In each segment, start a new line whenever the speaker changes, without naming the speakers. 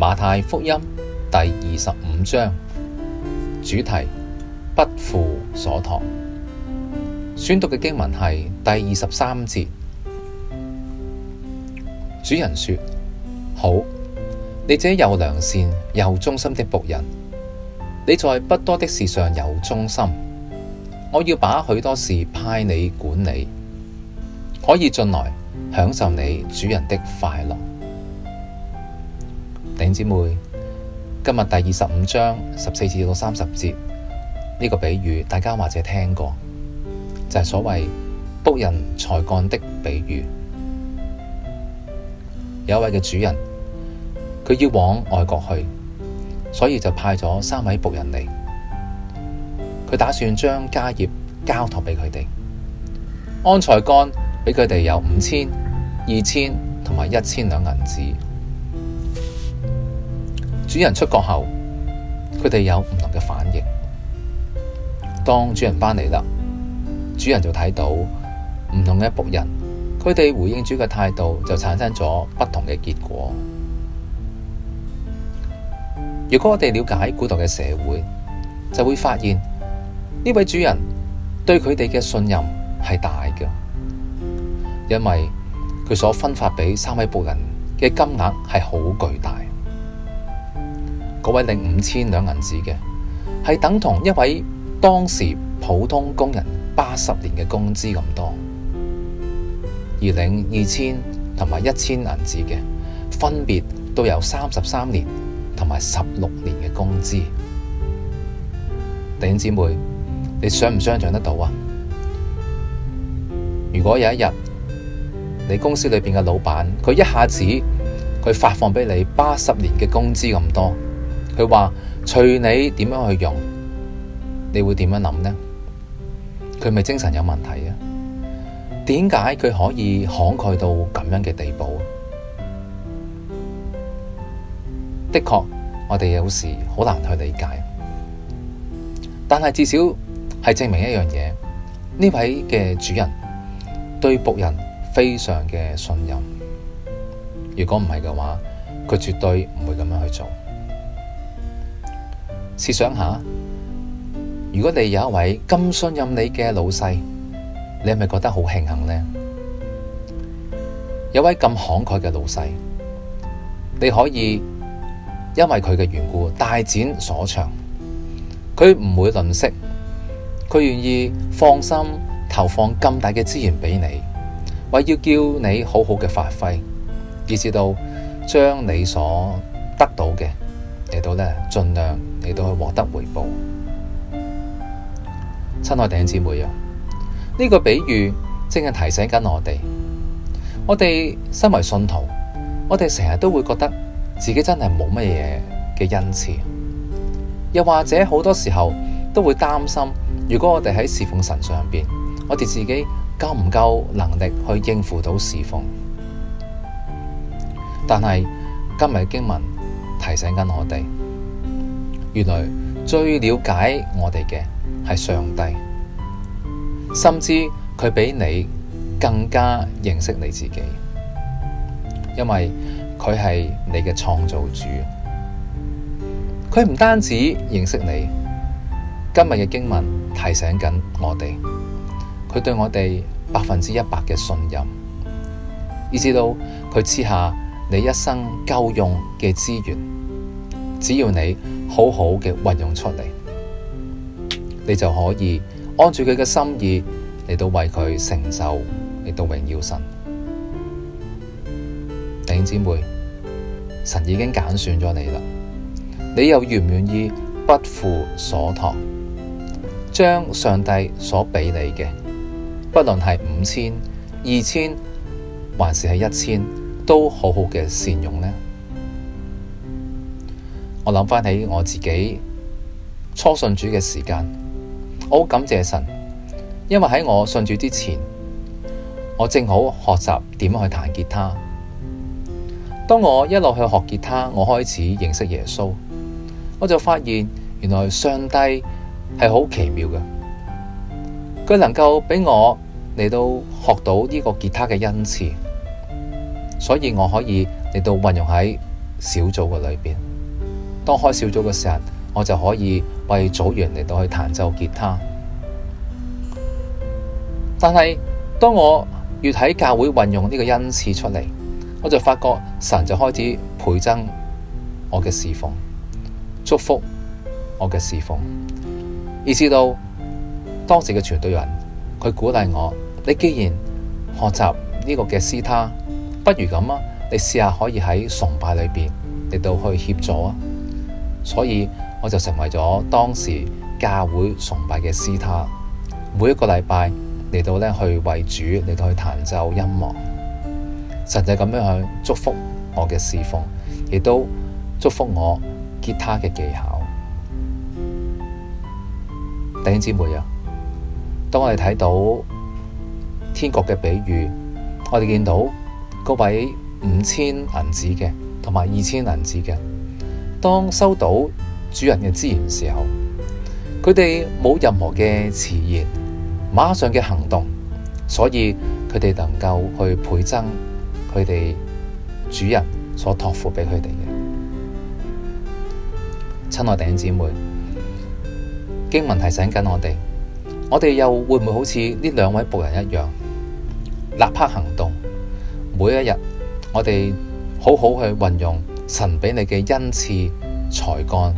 馬太福音第二十五章主題：不負所託。宣讀嘅經文係第二十三節。主人說：好，你這又良善又忠心的僕人，你在不多的事上有忠心，我要把許多事派你管理，可以進來享受你主人的快樂。弟姐妹，今日第二十五章十四節到三十節呢個比喻，大家或者聽過，就係、是、所謂僕人才幹的比喻。有位嘅主人，佢要往外國去，所以就派咗三位僕人嚟，佢打算將家業交託俾佢哋，按才幹俾佢哋有五千、二千同埋一千兩銀子。主人出國後，佢哋有唔同嘅反應。當主人返嚟啦，主人就睇到唔同嘅僕人，佢哋回應主嘅態度就產生咗不同嘅結果。如果我哋了解古代嘅社會，就會發現呢位主人對佢哋嘅信任係大嘅，因為佢所分發俾三位僕人嘅金額係好巨大。嗰位領五千兩銀子嘅，係等同一位當時普通工人八十年嘅工資咁多。而領二千同埋一千銀子嘅，分別都有三十三年同埋十六年嘅工資。弟兄姊妹，你想唔想像得到啊？如果有一日你公司裏邊嘅老闆，佢一下子佢發放俾你八十年嘅工資咁多。佢話：隨你點樣去用，你會點樣諗呢？佢咪精神有問題啊？點解佢可以慷慨到咁樣嘅地步？的確，我哋有時好難去理解，但係至少係證明一樣嘢：呢位嘅主人對僕人非常嘅信任。如果唔係嘅話，佢絕對唔會咁樣去做。試想下，如果你有一位咁信任你嘅老細，你係咪覺得好慶幸呢？有位咁慷慨嘅老細，你可以因為佢嘅緣故大展所長。佢唔會吝嗇，佢願意放心投放咁大嘅資源畀你，為要叫你好好嘅發揮，以至到將你所得到嘅。到咧，盡量嚟到去獲得回報。親愛弟兄姊妹啊，呢個比喻正係提醒緊我哋，我哋身為信徒，我哋成日都會覺得自己真係冇乜嘢嘅恩賜，又或者好多時候都會擔心，如果我哋喺侍奉神上邊，我哋自己夠唔夠能力去應付到侍奉？但係今日經文。提醒緊我哋，原來最了解我哋嘅係上帝，甚至佢比你更加認識你自己，因為佢係你嘅創造主，佢唔單止認識你。今日嘅經文提醒緊我哋，佢對我哋百分之一百嘅信任，以至到佢賜下你一生夠用嘅資源。只要你好好嘅運用出嚟，你就可以按住佢嘅心意嚟到為佢成就，嚟到榮耀神。弟兄姊妹，神已經揀選咗你啦，你又願唔願意不負所託，將上帝所俾你嘅，不論係五千、二千，還是係一千，都好好嘅善用呢？我諗翻起我自己初信主嘅時間，我好感謝神，因為喺我信主之前，我正好學習點去彈吉他。當我一路去學吉他，我開始認識耶穌，我就發現原來上帝係好奇妙嘅，佢能夠畀我嚟到學到呢個吉他嘅恩賜，所以我可以嚟到運用喺小組嘅裏邊。當開小組嘅時候，我就可以為組員嚟到去彈奏吉他。但係當我越喺教會運用呢個恩賜出嚟，我就發覺神就開始倍增我嘅侍奉，祝福我嘅侍奉。以至到當時嘅全隊人佢鼓勵我，你既然學習呢個嘅吉他，不如咁啊，你試下可以喺崇拜裏邊嚟到去協助啊。所以我就成為咗當時教會崇拜嘅司他，每一個禮拜嚟到咧去為主，嚟到去彈奏音樂，神就咁樣去祝福我嘅侍奉，亦都祝福我吉他嘅技巧。弟兄姊妹啊，當我哋睇到天國嘅比喻，我哋見到嗰位五千銀子嘅，同埋二千銀子嘅。當收到主人嘅資源時候，佢哋冇任何嘅遲疑，馬上嘅行動，所以佢哋能夠去倍增佢哋主人所託付俾佢哋嘅。親愛弟兄姊妹，經文提醒緊我哋，我哋又會唔會好似呢兩位僕人一樣，立刻行動？每一日，我哋好好去運用。神畀你嘅恩賜才幹，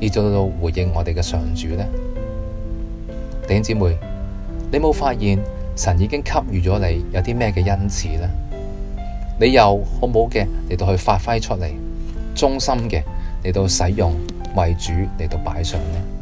以做到回應我哋嘅上主呢，弟兄姊妹，你冇發現神已經給予咗你有啲咩嘅恩賜呢？你又好冇嘅嚟到去發揮出嚟，忠心嘅嚟到使用為主嚟到擺上呢？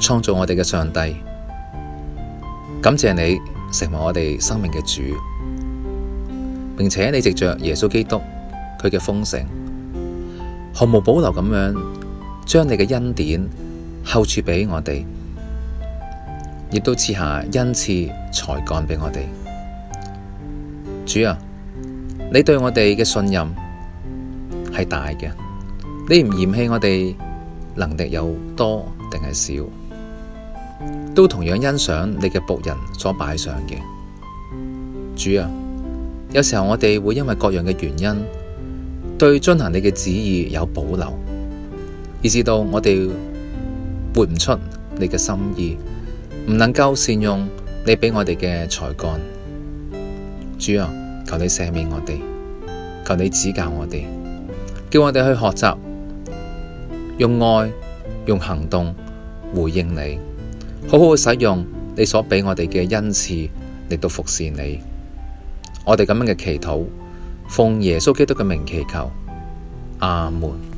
創造我哋嘅上帝，感謝你成為我哋生命嘅主，並且你藉着耶穌基督佢嘅豐盛，毫無保留咁樣將你嘅恩典厚賜畀我哋，亦都賜下恩賜才幹畀我哋。主啊，你對我哋嘅信任係大嘅，你唔嫌棄我哋能力有多定係少。都同樣欣賞你嘅僕人所擺上嘅主啊，有時候我哋會因為各樣嘅原因對遵行你嘅旨意有保留，以至到我哋活唔出你嘅心意，唔能夠善用你畀我哋嘅才幹。主啊，求你赦免我哋，求你指教我哋，叫我哋去學習，用愛、用行動回應你。好好使用你所畀我哋嘅恩賜，嚟到服侍你。我哋咁樣嘅祈禱，奉耶穌基督嘅名祈求，阿門。